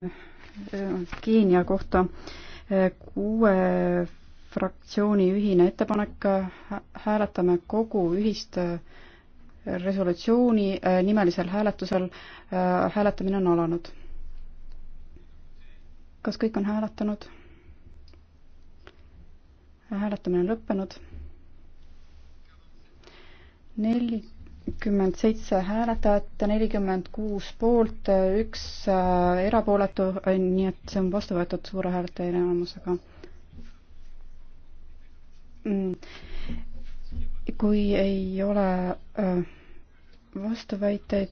Äh, Keenia kohta äh, kuue fraktsiooni ühine ettepanek, äh, hääletame kogu ühist resolutsiooni nimelisel hääletusel, hääletamine on alanud. kas kõik on hääletanud? hääletamine on lõppenud. neli kakskümmend seitse hääletajat, nelikümmend kuus poolt, üks äh, erapooletu, äh, nii et see on vastu võetud suure häälte enamusega mm.. kui ei ole äh, vastuväiteid,